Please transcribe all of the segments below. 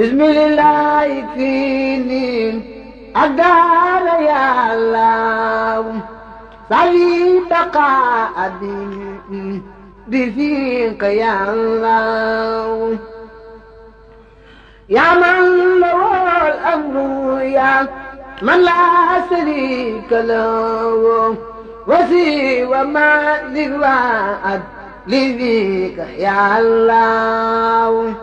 بسم الله يكفيني أقدر يا الله صلي بقاء بفيق يا الله يا من له الأمر يا من لا شريك له وسوى ما ذراعت لذيك يا الله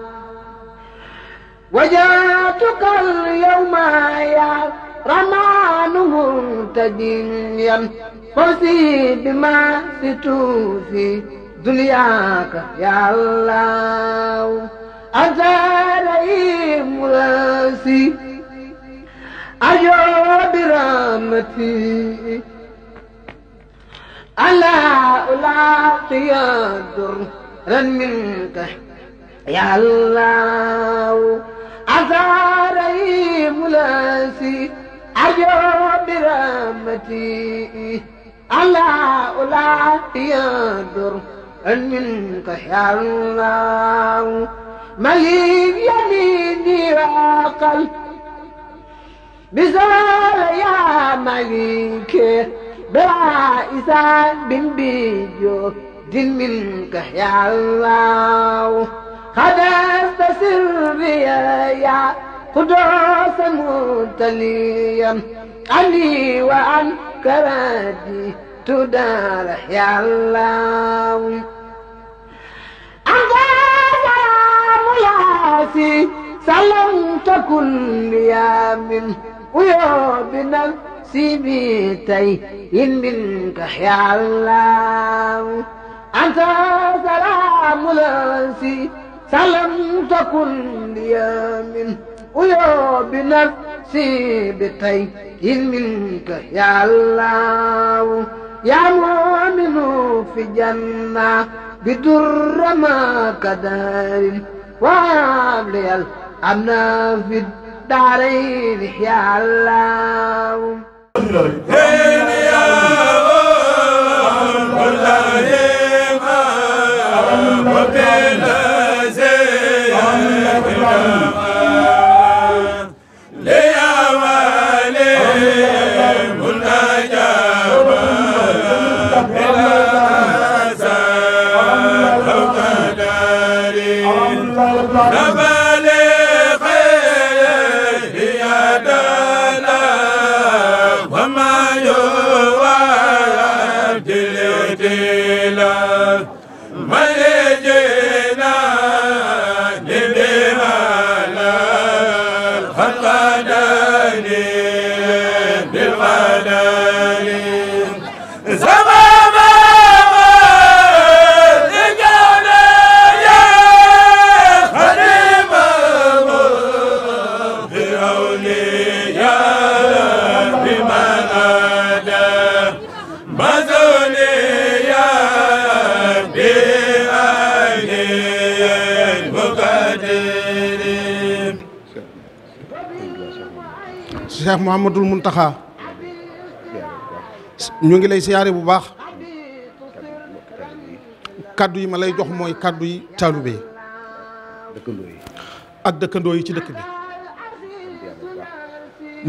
وجاتك اليوم يا رمان منتجيا فوزي بما ستوفي دنياك يا الله أنت رئيم راسي أجو برحمتي ألا ألاقي الدر منك يا الله عزاري ملاسي أيو برامتي على أولا يدر أن منك يا الله مليك يميني وعقل بزول يا مليك بعائزان بن بيجو دين منك يا الله خدست سربيا يا قدوس متليا عني وعن كرادي تدار يا الله أنت سلام ياسي سلمت كل يوم ويوم سيبيتي إن منك يا الله أنت سلام ياسي سلم تكن لي من ويا بنفسي بطي إذ منك يا الله يا مؤمن في جنة بدر ما كدار وابلي الأمن في الدارين يا الله يا day Cheikh mun Muntaxa ñu ngi lay siyaare bu baax kàddu yi ma lay jox mooy kàddu yi taalube yi ak dëkkandoo yi ci dëkk bi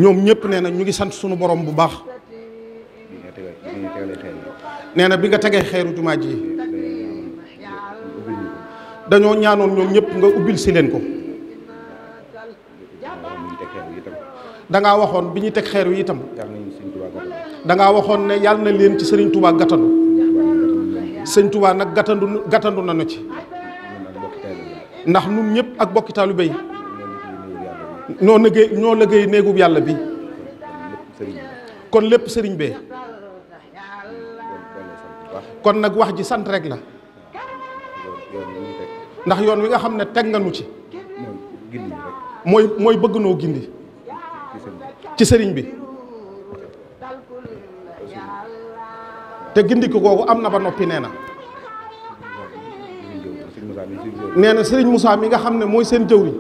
ñoom ñëpp nee na ñu ngi sant sunu borom bu baax nee na bi nga tegee xeeru jumaa ji dañoo ñaanoon ñoom ñëpp nga ubbil si leen ko da waxoon bi ñuy teg xeer wi itam da ngaa waxoon ne yàlla na leen ci sëriñ Touba gàttandu sëñ Touba nag gàttandu gàttandu nañu ci ndax nun ñëpp ak bokki taalibe yi noo liggéey noo liggéey néegub yàlla bi kon lépp sëriñ bee kon nag wax ji sant rek la ndax yoon wi nga xam ne teg nga nu ci mooy mooy bëgg noo gindi ci sëriñ bi te gindiku googu am na ba noppi nee na nee na sëriñ Moussa mi nga xam ne mooy seen jëwriñ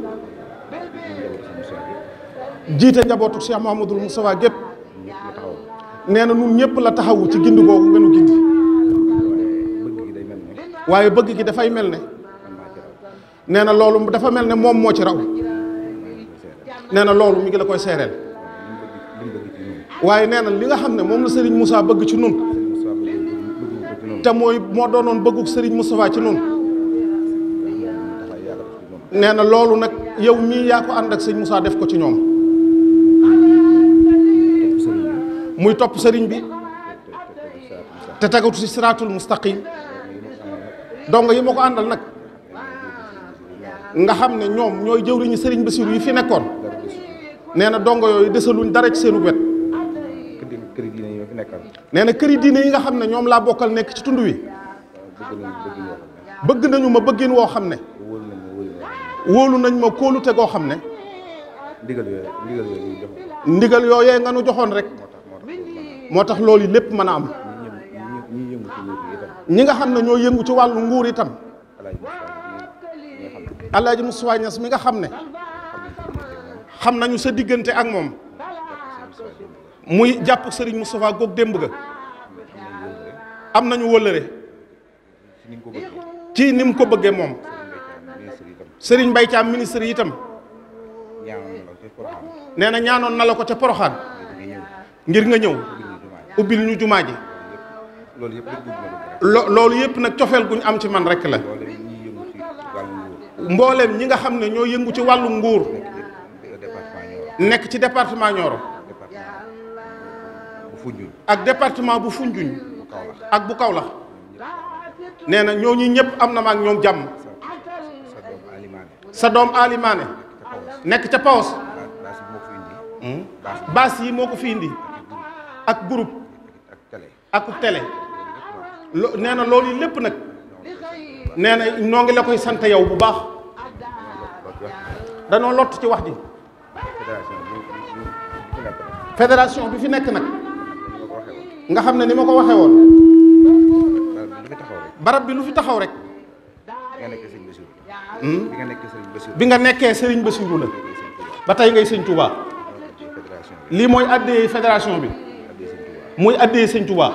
jiite njabootu Cheikh Mouhamadul Moustapha gépp nee na nun ñépp la taxawu ci gindi googu ngenu gindi waaye bëgg gi dafay mel ne nee na loolu dafa mel ne moom moo ci raw nee na loolu mu ngi la koy seereel waaye nee na li nga xam ne moom la Serigne Moussa bëgg ci nun te mooy moo doonoon bëggug sëriñ Moustapha ci nun nee na loolu nag yow mii yaa ko ànd ak sëñ Moussa def ko ci ñoom muy topp sëriñ bi te tegatu ci siraatul mustaqim donc yi ma ko àndal nag nga xam ne ñoom ñooy jëwriñu sëriñ Bassirou yi fi nekkoon nee na dongo yooyu desaluñ dara ci seenu wet këri diine yi ma fi nekkal. nee na këri diine yi nga xam ne ñoom laa bokkal nekk ci tund wi. bëgg nañu ma bëggin woo xam ne. wóolu nañ ma kóolute goo xam ne. ndigal yooyu ndigal yooyu ndigal nga nu joxoon rek. moo tax loolu lépp mën a am. ñi nga xam ne ñoo yëngu ci wàllu nguur itam. Alaaji Mustafaa Ñas mi nga xam ne. xam nañu sa diggante ak moom. muy jàpp sëriñ Moustapha goog démb ga am nañu wëllëre ci ni mu ko bëggee moom sëriñ Mbaye Thiam ministre yi itam nee na ñaanoon na la ko ca poroxaan ngir nga ñëw ubbil ñu jumaa ji lo loolu yëpp nag cofeel guñ am ci man rek la mbooleem ñi nga xam ne ñoo yëngu ci wàllu nguur nekk ci département Nioro Foundiougne ak département bu Foundiougne ak bu Kaolack nee na ñooñu ñëpp am na ma ak ñoom jàmm sa doom alimaane nekk ca Paos hmm? baas yi moo ko fi indi ak groupe ak télé nee na loolu lépp nag nee na noo ngi la koy sant yow bu baax danoo lott ci wax ji fédération bi fi nekk nag nga xam ne ni ma ko waxee woon barab bi lu fi taxaw rek hmm? bi nga nekkee sëriñ Basiru la ba tey ngay sëñ Touba lii mooy addee fédération bi muy addee sëñ Touba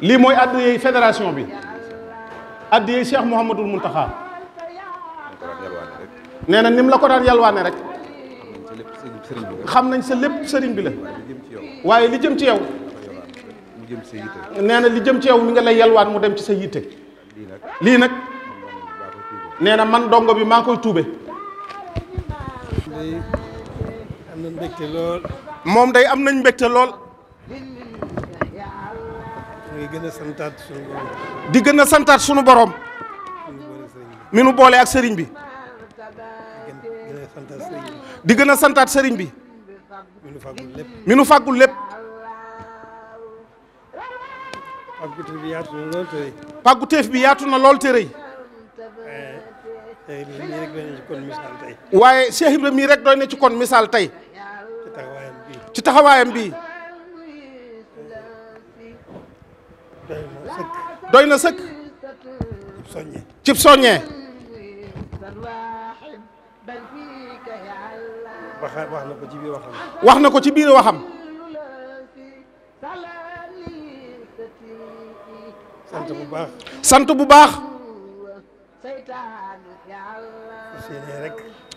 lii mooy addee fédération bi addee Cheikh Mouhamadul Mountakha nee na ni mu la ko daan yalwaane rek xam nañ sa lépp sëriñ bi la waaye li jëm ci yow nee na li jëm ci yow mi nga lay yalwaat mu dem ci sa yitte lii nag nee na man dongo bi maa koy tuube moom day am nañ mbégte lool di gën a santaat sunu boroom di gën a santaat nu boole ak sëriñ bi di gën a santaat sëriñ bi mi nu lépp pàggu bi yaatu na lool te rëy waaye Cheikh Ibrahima mii rek doy na ci kon misaal tey ci taxawaayam bii doy na sëkk cib soññee wax na ko ci biir waxam. wax na ko ci biir waxam. sant bu baax. sant bu baax.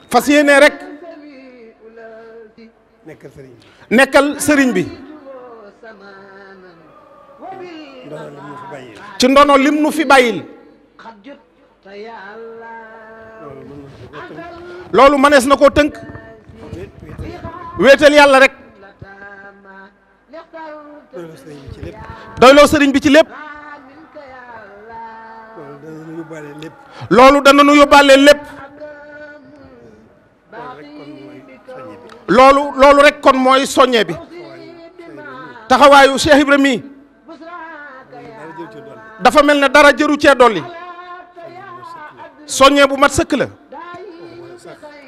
fas yéene rek. fas nekkal sëriñ bi. nekkal sëriñ ci ndono lim nu fi bàyyil. loolu mënees na koo tënk. wéetal yàlla rek doyloo sëriñ bi ci lépp loolu dana nu yóbbaale lépp loolu loolu rek kon mooy soññe bi taxawaayu Cheikh Ibrahima yi dafa mel ne dara jëru cee dolli soññe bu mat sëkk la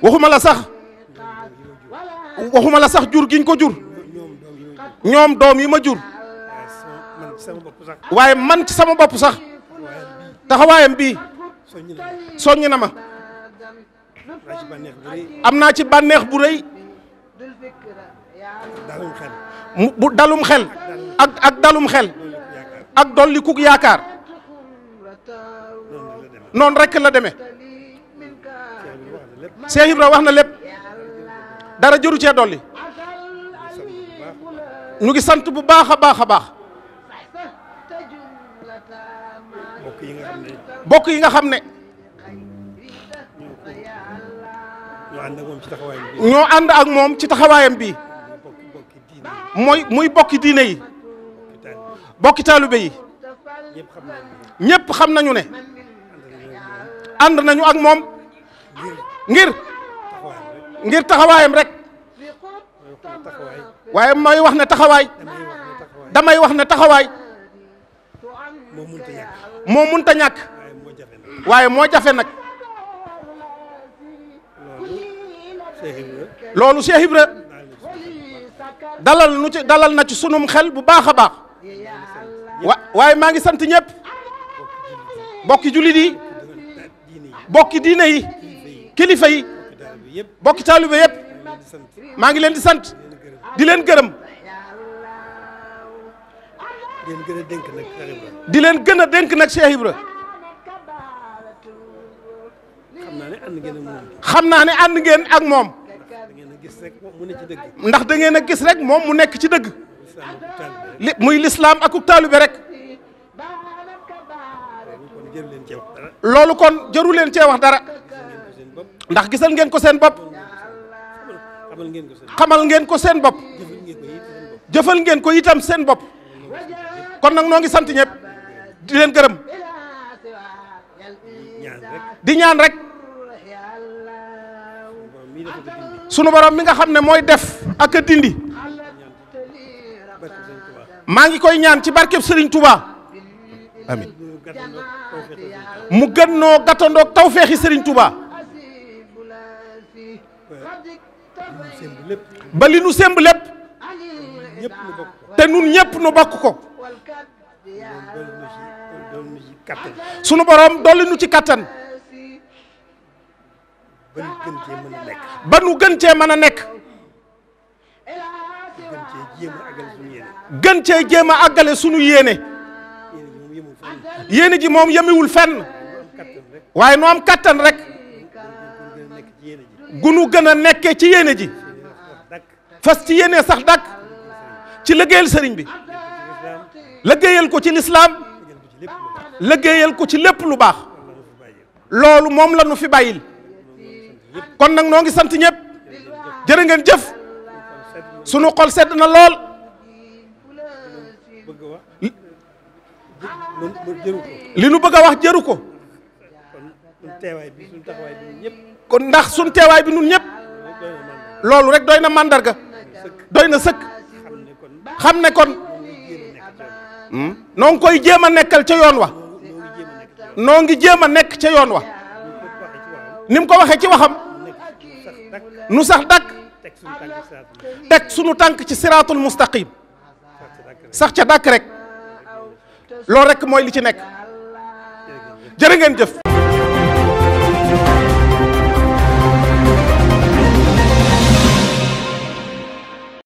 waxuma la sax waxuma la sax jur giñ ko jur ñoom doom yi ma jur waaye man ci sama bopp sax taxawaayam bii soññ na ma am naa ci bànneex bu rëy bu dalum xel ak ak dalum xel ak dolli kuk yaakaar noonu rekk la demee Cheikh Ibra wax na lépp dara jëru cee dolli ñu ngi sant bu baax a baax a baax bokk yi nga xam ne ñoo ànd ak moom ci taxawaayam bi mooy muy bokki diine yi bokki taalibe yi ñépp xam nañu ne ànd nañu ak moom ngir ngir taxawaayam rek waaye may wax ne taxawaay damay wax ne taxawaay moo munta ñàkk moo waaye moo jafe nag loolu Cheikh Ibra dalal nu ci dalal na ci sunum xel bu baax a baax wa waaye maa ngi sant ñëpp bokki jullit yi bokki diine yi kilifa yi bokki taalibe yëpp maa ngi leen di sant di leen gërëm di leen gën a dénk nag Cheikh Ibra xam naa ne ànd ngeen ak moom ndax da ngeen a gis rek moom mu nekk ci dëgg li muy lislaam akub taalibe rek loolu kon jëru leen cee wax dara ndax gisal ngeen ko seen bopp xamal ngeen ko seen bopp jëfal ngeen ko itam seen bopp kon nag noo ngi sant ñëpp di leen gërëm di ñaan rek sunu borom mi nga xam ne mooy def ak a dindi maa ngi koy ñaan ci barkeb sëriñ Touba amin mu gën noo gàttandoog tawféexi Serigne Touba. ba li nu sémb lépp te nun ñëpp nu bokk ko sunu borom dolli nu ci kattan ba nu gën cee mën a nekk gën cee jéem a sunu yéene yéene ji moom yemiwul fenn waaye nu am kattan rek gunu gën a nekkee ci yéene ji fas ci yéene sax dàkk ci liggéeyal sëriñ bi liggéeyal ko ci lislaam liggéeyal ko ci lépp lu baax loolu moom la nu fi bàyyil kon nag noo ngi sant ñëpp jërë ngeen jëf sunu xol sedd na lool li nu bëgg a wax jëru ko. teewaay bi kon ndax suñ teewaay bi nun ñëpp loolu rek doy na màndarga doy na sëkk xam ne kon hmm? noo ngi koy jéem a nekkal ca yoon wa noo ngi jéem a nekk ca yoon wa ni mu ko waxee ci waxam nu sax dakk teg sunu tànk ci siraatul mustaqim sax ca dakk rek loolu rek mooy li ci nekk jërë ngeen jëf